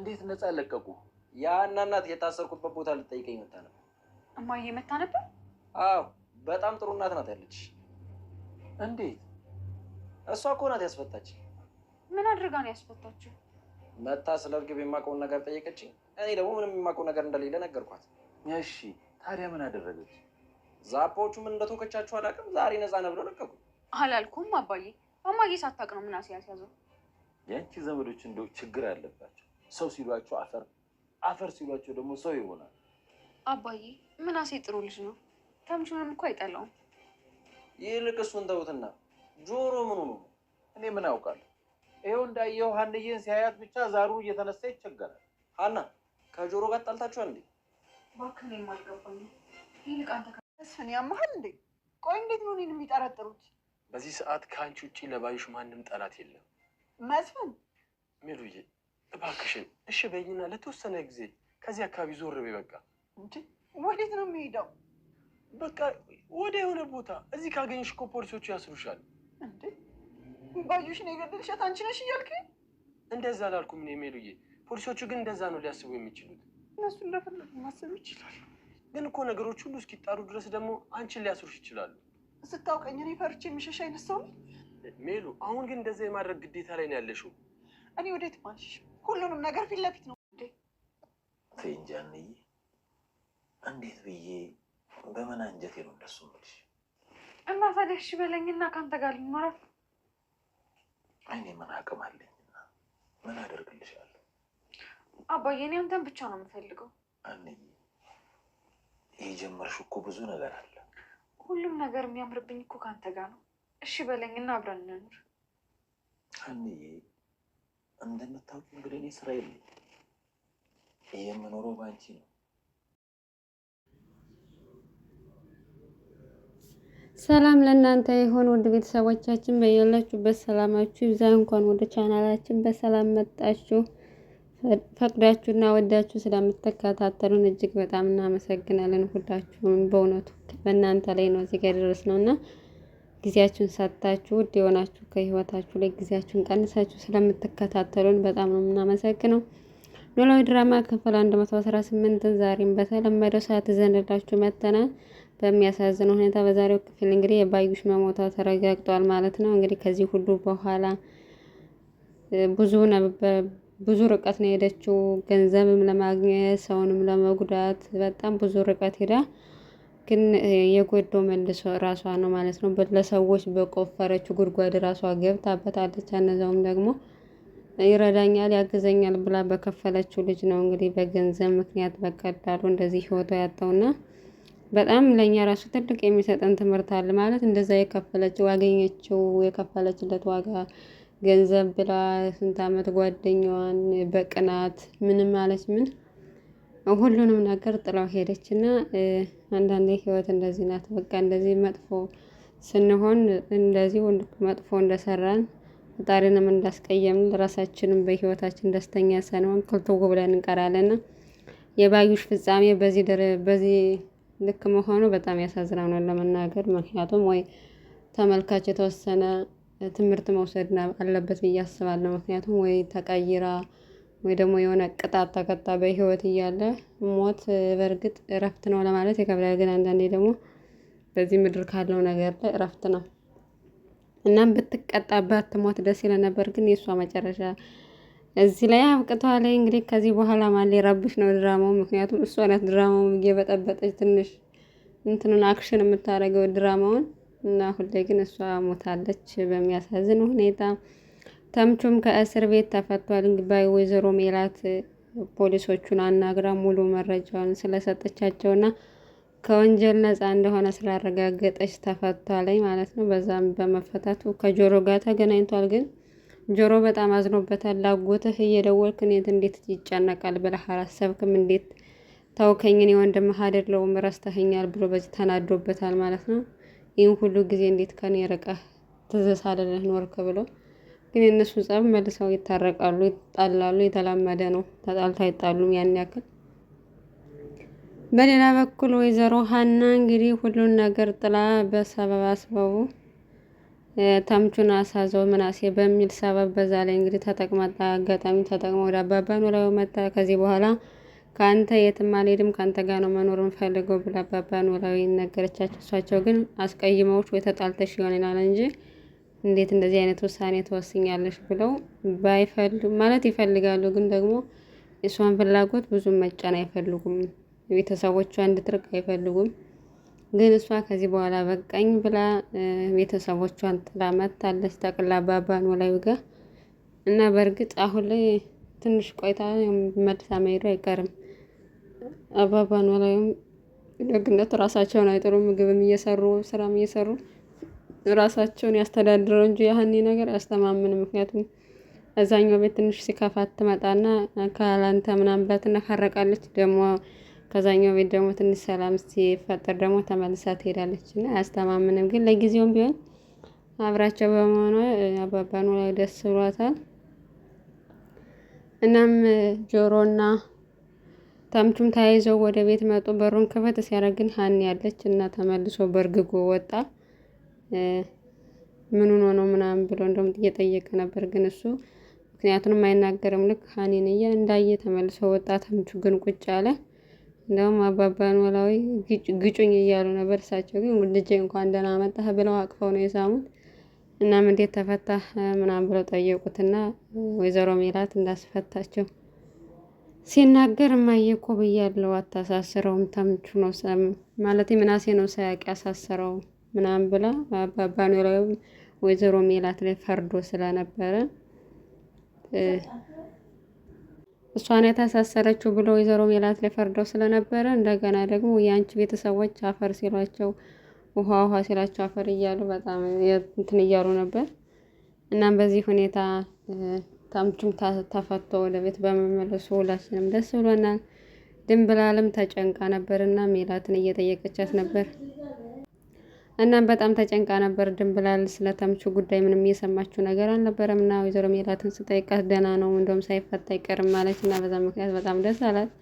እንዴት ነፃ ለቀቁ? ያና እናት የታሰርኩበት ቦታ ልጠይቀኝ መታ ነበር። እማዬ መታ ነበር? አዎ፣ በጣም ጥሩ እናት ናት ያለች። እንዴት? እሷ እኮ ናት ያስፈታች። ምን አድርጋ ነው ያስፈታችው? መታ ስለ እርግብ የማውቀውን ነገር ጠየቀችኝ። እኔ ደግሞ ምንም የማውቀው ነገር እንደሌለ ነገርኳት። እሺ፣ ታዲያ ምን አደረገች? ዛፖዎቹ ምን እንደተወከቻችሁ አላውቅም። ዛሬ ነፃ ነው ብለው ለቀቁ። አላልኩም አባዬ። እማዬ ሳታውቅ ነው ምናሴ ያስያዘው። የአንቺ ዘመዶች እንደው ችግር አለባቸው ሰው ሲሏቸው አፈር፣ አፈር ሲሏቸው ደግሞ ሰው ይሆናል። አባዬ ምናሴ ጥሩ ልጅ ነው። ተምቹንም እኮ አይጠላውም። ይልቅ እሱን ተውትና ጆሮ ምኑ ነው? እኔ ምን አውቃለሁ? ይኸው እንዳየው ሀንዬን ሲያያት ብቻ ዛሩ እየተነሳ ይቸገራል። ሀና ከጆሮ ጋር ጣልታችሁ እንዴ? እባክህ አልገባኝም። ይልቅ አንተ ያመሃል እንዴ? ቆይ እንዴት ነው እኔን የሚጠረጥሩት? በዚህ ሰዓት ከአንቺ ውጭ ለባዩሽ ማንም ጠላት የለም። መስፍን ሚሉዬ እባክሽን እሺ በይኝና ለተወሰነ ጊዜ ከዚህ አካባቢ ዞር በይ። በቃ እንዴ ወዴት ነው የሚሄደው? በቃ ወደ የሆነ ቦታ እዚህ ካገኘሽ እኮ ፖሊሶቹ ያስሩሻል። እንዴ ነው የገደልሻት አንቺ ነሽ እያልክ? እንደዛ አላልኩም እኔ ሜሉዬ። ፖሊሶቹ ግን እንደዛ ነው ሊያስቡ የሚችሉት። እነሱ እንደፈለጉ ማሰብ ይችላሉ። ግን እኮ ነገሮች ሁሉ እስኪጣሩ ድረስ ደግሞ አንቺን ሊያስሩሽ ይችላሉ። ስታውቀኝ እኔ ፈርቼ የሚሸሽ አይነት ሰው ሜሉ። አሁን ግን እንደዛ የማድረግ ግዴታ ላይ ነው ያለሽው። እኔ ወዴት ማልሽ ሁሉንም ነገር ፊት ለፊት ነው እንዴ? ሴንጃንዬ እንዴት ብዬ በምን አንጀቴ ነው እንደሱ የምልሽ? እና ታዲያ እሺ በለኝና ከአንተ ጋር ልኖራል። እኔ ምን አቅም አለኝና ምን አደርግልሻለሁ? አባዬ እኔ አንተን ብቻ ነው የምፈልገው። አንዬ የጀመርሽው እኮ ብዙ ነገር አለ። ሁሉም ነገር የሚያምርብኝ እኮ ከአንተ ጋር ነው። እሺ በለኝና አብረን እንኑር አንዬ እንደምታውቁ እንግዲህ እኔ ስራ የለም። የምኖረው በአንቺ ነው። ሰላም ለእናንተ ይሁን ውድ ቤተሰቦቻችን፣ በያላችሁበት ሰላማችሁ ይብዛ። እንኳን ወደ ቻናላችን በሰላም መጣችሁ። ፈቅዳችሁና ወዳችሁ ስለምትከታተሉን እጅግ በጣም እናመሰግናለን። ሁላችሁም በእውነቱ በእናንተ ላይ ነው እዚህ ጋ ደረስ ነው እና ጊዜያችሁን ሰጥታችሁ ውድ የሆናችሁ ከህይወታችሁ ላይ ጊዜያችሁን ቀንሳችሁ ስለምትከታተሉን በጣም ነው የምናመሰግነው። ኖላዊ ድራማ ክፍል 118 ዛሬም በተለመደው ሰዓት ዘንድላችሁ መተናል። በሚያሳዝነው ሁኔታ በዛሬው ክፍል እንግዲህ የባዩሽ መሞታ ተረጋግጧል ማለት ነው። እንግዲህ ከዚህ ሁሉ በኋላ ብዙ ብዙ ርቀት ነው የሄደችው። ገንዘብም ለማግኘት ሰውንም ለመጉዳት በጣም ብዙ ርቀት ሄዳ ግን የጎዳው መልሶ ራሷ ነው ማለት ነው። ለሰዎች በቆፈረችው ጉድጓድ ራሷ ገብታበታለች። እነዛውም ደግሞ ይረዳኛል ያግዘኛል ብላ በከፈለችው ልጅ ነው እንግዲህ በገንዘብ ምክንያት በቀዳሉ እንደዚህ ህይወቷ ያጣውና በጣም ለእኛ ራሱ ትልቅ የሚሰጠን ትምህርት አለ ማለት እንደዛ የከፈለችው ያገኘችው የከፈለችለት ዋጋ ገንዘብ ብላ ስንት አመት ጓደኛዋን በቅናት ምንም ማለት ምን ሁሉንም ነገር ጥላው ሄደች እና አንዳንዴ ህይወት እንደዚህ ናት። በቃ እንደዚህ መጥፎ ስንሆን እንደዚህ መጥፎ እንደሰራን ፈጣሪንም እንዳስቀየምን ራሳችንም በህይወታችን ደስተኛ ሳንሆን ክልቶጎ ብለን እንቀራለንና የባዩሽ ፍጻሜ በዚህ በዚህ ልክ መሆኑ በጣም ያሳዝናል ነው ለመናገር። ምክንያቱም ወይ ተመልካች የተወሰነ ትምህርት መውሰድ አለበት ብዬ አስባለሁ። ምክንያቱም ወይ ተቀይራ ወይ ደግሞ የሆነ ቅጣት ተቀጣ በህይወት እያለ ሞት በእርግጥ እረፍት ነው ለማለት ይከብዳል። ግን አንዳንዴ ደግሞ በዚህ ምድር ካለው ነገር ላይ እረፍት ነው። እናም ብትቀጣ ባትሞት ደስ ይለን ነበር። ግን የእሷ መጨረሻ እዚህ ላይ አብቅተዋል። እንግዲህ ከዚህ በኋላ ማለት ሊረብሽ ነው ድራማው። ምክንያቱም እሷ ናት ድራማው እየበጠበጠች ትንሽ እንትኑን አክሽን የምታደርገው ድራማውን እና ሁሌ ግን እሷ ሞታለች በሚያሳዝን ሁኔታ። ተምቹም ከእስር ቤት ተፈቷል። ወይዘሮ ሜላት ፖሊሶቹን አናግራ ሙሉ መረጃውን ስለሰጠቻቸውና ከወንጀል ነፃ እንደሆነ ስላረጋገጠች ተፈቷለኝ ማለት ነው። በዛም በመፈታቱ ከጆሮ ጋር ተገናኝቷል። ግን ጆሮ በጣም አዝኖበታል። ላጎትህ እየደወልክ እኔት እንዴት ይጨነቃል ብለህ አላሰብክም? እንዴት ታውከኝን የወንድምህ አይደለሁም ረስተኸኛል ብሎ በዚህ ተናዶበታል ማለት ነው። ይህን ሁሉ ጊዜ እንዴት ከኔ ርቀህ ትዝስ አለለህ ኖርክ ብሎ ግን የእነሱ ጸብ መልሰው ይታረቃሉ፣ ይጣላሉ። የተላመደ ነው። ተጣልተው አይጣሉም ያን ያክል። በሌላ በኩል ወይዘሮ ሀና እንግዲህ ሁሉን ነገር ጥላ በሰበብ አስበቡ ተምቹን አሳዘው ምናሴ በሚል ሰበብ በዛ ላይ እንግዲህ ተጠቅማ አጋጣሚ ተጠቅመ ወደ አባባ ኖላዊ መጣ። ከዚህ በኋላ ከአንተ የትም አልሄድም ከአንተ ጋር ነው መኖር እንፈልገው ብላ አባባ ኖላዊ ነገረቻቸው። እሳቸው ግን አስቀይመዎች ወይ ተጣልተሽ ይሆን ይላል እንጂ እንዴት እንደዚህ አይነት ውሳኔ ትወስኛለሽ ብለው ባይፈልግ ማለት ይፈልጋሉ፣ ግን ደግሞ እሷን ፍላጎት ብዙ መጫን አይፈልጉም። ቤተሰቦቿ እንድትርቅ አይፈልጉም። ግን እሷ ከዚህ በኋላ በቃኝ ብላ ቤተሰቦቿን ጥላ መታለች ጠቅላ ባባኖ ላይ ጋር እና በእርግጥ አሁን ላይ ትንሽ ቆይታ መልሳ መሄዱ አይቀርም። አባባ ላይም ደግነቱ ራሳቸውን አይጥሩም። ምግብም እየሰሩ ስራም እየሰሩ ራሳቸውን ያስተዳድረው እንጂ ያህኒ ነገር ያስተማምን። ምክንያቱም አዛኛው ቤት ትንሽ ሲከፋት ትመጣና ከላንተ ምናምን ብላ ትነካረቃለች። ደግሞ ከዛኛው ቤት ደግሞ ትንሽ ሰላም ሲፈጠር ደግሞ ተመልሳ ትሄዳለች እና አያስተማምንም። ግን ለጊዜውም ቢሆን አብራቸው በመሆኗ አባባኑ ላይ ደስ ብሏታል። እናም ጆሮና ታምቹም ተያይዘው ወደ ቤት መጡ። በሩን ክፈት ሲያደርግን ሀኒ ያለች እና ተመልሶ በእርግጎ ወጣ። ምን ሆኖ ነው ምናምን ብሎ እንደውም እየጠየቀ ነበር። ግን እሱ ምክንያቱንም አይናገርም። ልክ ሀኒን እንዳየ ተመልሶ ወጣ። ተምቹ ግን ቁጭ አለ። እንደውም አባባ ኖላዊ ግጩኝ እያሉ ነበር። እሳቸው ግን ልጄ እንኳን ደህና መጣህ ብለው አቅፈው ነው የሳሙት። እናም እንዴት ተፈታህ ምናምን ብለው ጠየቁትና ወይዘሮ ሜላት እንዳስፈታቸው ሲናገር እማዬ እኮ ብያለሁ አታሳስረውም ተምቹ ነው ማለት ምናሴ ነው ሳያውቅ ያሳሰረው ምናምን ብላ አባባ ወይዘሮ ሜላት ላይ ፈርዶ ስለነበረ እሷን የታሳሰረችው ብሎ ወይዘሮ ሜላት ላይ ፈርደው ስለነበረ እንደገና ደግሞ የአንቺ ቤተሰቦች አፈር ሲሏቸው ውሃ ውሃ ሲላቸው አፈር እያሉ በጣም እንትን እያሉ ነበር። እናም በዚህ ሁኔታ ታምቹም ተፈቶ ወደ ቤት በመመለሱ ሁላችንም ደስ ብሎናል። ድንብላልም ተጨንቃ ነበር እና ሜላትን እየጠየቀቻት ነበር። እናም በጣም ተጨንቃ ነበር ድንብላል። ስለተምቹ ጉዳይ ምንም እየሰማችው ነገር አልነበረም እና ወይዘሮ ሜላትን ስጠይቃት ደህና ነው እንደውም ሳይፈታ አይቀርም ማለች እና በዛ ምክንያት በጣም ደስ አላት።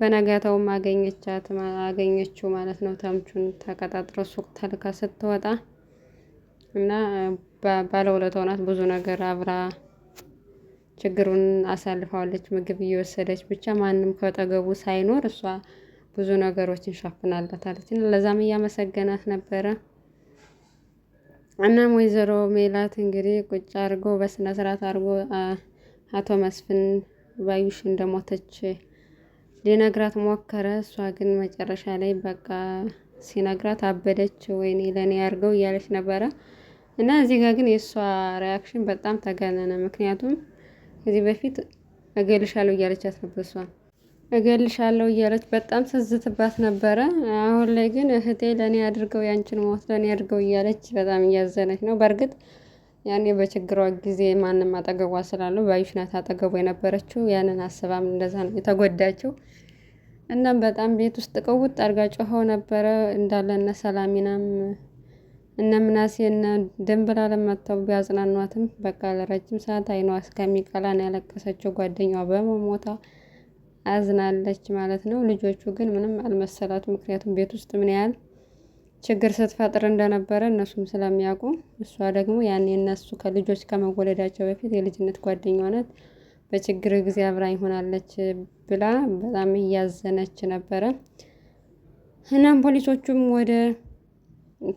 በነጋታውም አገኘቻት አገኘችው ማለት ነው። ተምቹን ተቀጣጥሮ ሱቅ ተልካ ስትወጣ እና ባለውለታዋ ናት። ብዙ ነገር አብራ ችግሩን አሳልፈዋለች። ምግብ እየወሰደች ብቻ ማንም ከጠገቡ ሳይኖር እሷ ብዙ ነገሮችን ሻፍናላታለች። ለዛም እያመሰገናት ነበረ። እናም ወይዘሮ ሜላት እንግዲህ ቁጭ አድርጎ በስነ ስርዓት አድርጎ አቶ መስፍን ባዩሽ እንደሞተች ሊነግራት ሞከረ። እሷ ግን መጨረሻ ላይ በቃ ሲነግራት አበደች። ወይኔ ለእኔ ያርገው እያለች ነበረ እና እዚህ ጋር ግን የእሷ ሪያክሽን በጣም ተጋነነ። ምክንያቱም ከዚህ በፊት እገልሻለሁ እያለቻት ነበር እገልሻለሁ እያለች በጣም ስዝትባት ነበረ። አሁን ላይ ግን እህቴ ለእኔ አድርገው ያንችን ሞት ለእኔ አድርገው እያለች በጣም እያዘነች ነው። በእርግጥ ያኔ በችግሯ ጊዜ ማንም አጠገቧ ስላሉ ባዩሽ ናት አጠገቧ የነበረችው። ያንን አስባም እንደዛ ነው የተጎዳችው። እናም በጣም ቤት ውስጥ ቀውጥ አድርጋ ጮኸው ነበረ እንዳለ እነ ሰላሚናም እነ ምናሴ እነ ደንብላ መጥተው ቢያጽናኗትም በቃ ለረጅም ሰዓት አይኗ እስከሚቀላ ነው ያለቀሰችው ጓደኛዋ በመሞታ አዝናለች ማለት ነው። ልጆቹ ግን ምንም አልመሰላት። ምክንያቱም ቤት ውስጥ ምን ያህል ችግር ስትፈጥር እንደነበረ እነሱም ስለሚያውቁ፣ እሷ ደግሞ ያኔ እነሱ ከልጆች ከመወለዳቸው በፊት የልጅነት ጓደኛነት ናት፣ በችግር ጊዜ አብራኝ ሆናለች ብላ በጣም እያዘነች ነበረ። እናም ፖሊሶቹም ወደ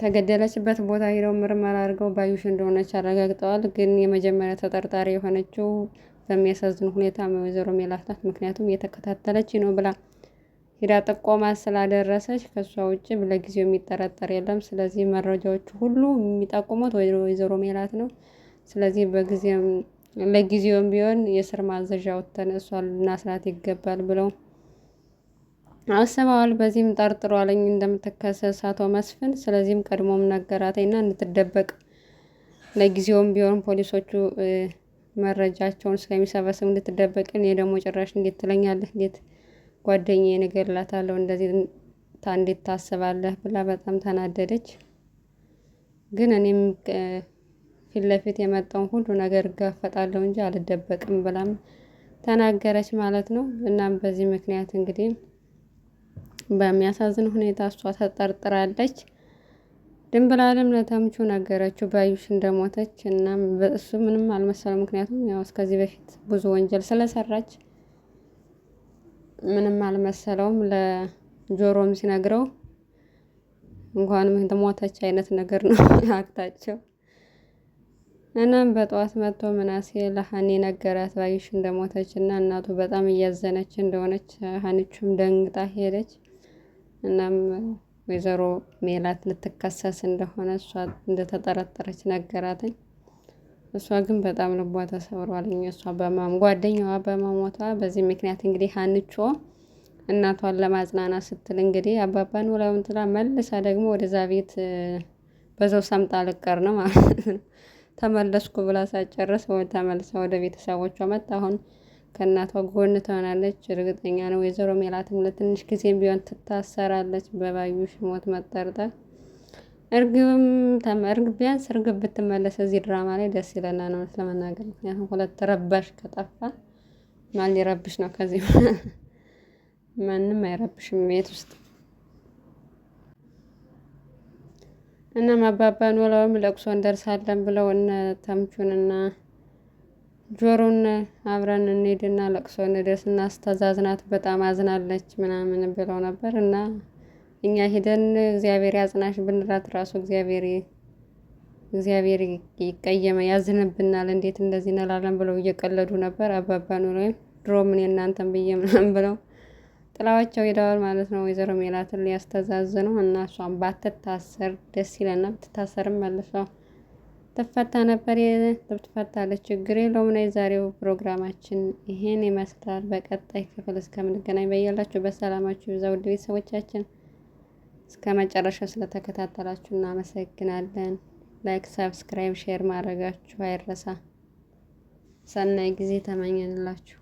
ተገደለችበት ቦታ ሄደው ምርመራ አድርገው ባዩሽ እንደሆነች አረጋግጠዋል። ግን የመጀመሪያ ተጠርጣሪ የሆነችው በሚያሳዝን ሁኔታ ወይዘሮ ሜላታት ምክንያቱም እየተከታተለች ነው ብላ ሂዳ ጥቆማ ስላደረሰች ከእሷ ውጭ ለጊዜው የሚጠረጠር የለም። ስለዚህ መረጃዎቹ ሁሉ የሚጠቁሙት ወይዘሮ ሜላት ነው። ስለዚህ በጊዜም ለጊዜውም ቢሆን የስር ማዘዣ ወጥተን እሷን ልናስራት ይገባል ብለው አስበዋል። በዚህም ጠርጥሯለኝ እንደምትከሰስ አቶ መስፍን። ስለዚህም ቀድሞም ነገራተኝና እንድትደበቅ ለጊዜውም ቢሆን ፖሊሶቹ መረጃቸውን ስለሚሰበስብ እንድትደበቅ እኔ ደግሞ ጭራሽ እንዴት ትለኛለህ? እንዴት ጓደኛ ነገር እንደዚህ እንዴት ታስባለህ? ብላ በጣም ተናደደች። ግን እኔም ፊት ለፊት የመጣውን ሁሉ ነገር እጋፈጣለሁ እንጂ አልደበቅም ብላም ተናገረች ማለት ነው። እናም በዚህ ምክንያት እንግዲህ በሚያሳዝን ሁኔታ እሷ ተጠርጥራለች። ድንብላልም ለተምቹ ነገረችው ባዩሽ እንደሞተች። እና እሱ ምንም አልመሰለው። ምክንያቱም ያው እስከዚህ በፊት ብዙ ወንጀል ስለሰራች ምንም አልመሰለውም። ለጆሮም ሲነግረው እንኳንም እንደሞተች አይነት ነገር ነው አክታቸው። እናም በጠዋት መጥቶ ምናሴ ለሀኒ ነገራት ባዩሽ እንደሞተች እና እናቱ በጣም እያዘነች እንደሆነች። ሀኒቹም ደንግጣ ሄደች እናም ወይዘሮ ሜላት ልትከሰስ እንደሆነ እሷ እንደተጠረጠረች ነገራትኝ። እሷ ግን በጣም ልቧ ተሰብሯልኝ። እሷ በማም ጓደኛዋ በመሞቷ በዚህ ምክንያት እንግዲህ ሀንቾ እናቷን ለማጽናናት ስትል እንግዲህ አባባን ውላውን ትላ መልሳ ደግሞ ወደዛ ቤት በዘው ሰምጣ ልቀር ነው ማለት ነው። ተመለስኩ ብላ ሳጨርስ ተመልሳ ወደ ቤተሰቦቿ መጣ አሁን ከእናቷ ጎን ትሆናለች። እርግጠኛ ነው ወይዘሮ ሜላትም ለትንሽ ጊዜም ቢሆን ትታሰራለች በባዩሽ ሞት መጠርጠር። እርግብም ቢያንስ እርግብ ብትመለስ እዚህ ድራማ ላይ ደስ ይለናል እውነት ለመናገር ምክንያቱም ሁለት ረባሽ ከጠፋ ማን ሊረብሽ ነው? ከዚህ ማንም አይረብሽም ቤት ውስጥ እና ማባባን ወላውም ለቅሶ እንደርሳለን ብለው እነ ተምቹንና ጆሮን አብረን እንሄድና ለቅሶ እንድረስ እናስተዛዝናት በጣም አዝናለች ምናምን ብለው ነበር እና እኛ ሄደን እግዚአብሔር ያጽናሽ ብንራት ራሱ እግዚአብሔር እግዚአብሔር ይቀየመ ያዝንብናል እንዴት እንደዚህ እንላለን ብለው እየቀለዱ ነበር። አባባ ኑሮ ድሮ ምን እናንተን ብዬ ምናምን ብለው ጥላዋቸው ሄደዋል ማለት ነው። ወይዘሮ ሜላትን ሊያስተዛዝኑ እና እሷን ባትታሰር ደስ ይለና ብትታሰርም መልሰው ትፈታ ነበር ትፈታለች። ችግር የለውም ነው። የዛሬው ፕሮግራማችን ይሄን ይመስላል። በቀጣይ ክፍል እስከምንገናኝ በያላችሁ በሰላማችሁ ይብዛ። ውድ ቤተሰቦቻችን እስከ መጨረሻው ስለተከታተላችሁ እናመሰግናለን። ላይክ፣ ሰብስክራይብ፣ ሼር ማድረጋችሁ አይረሳ። ሰናይ ጊዜ ተመኘንላችሁ።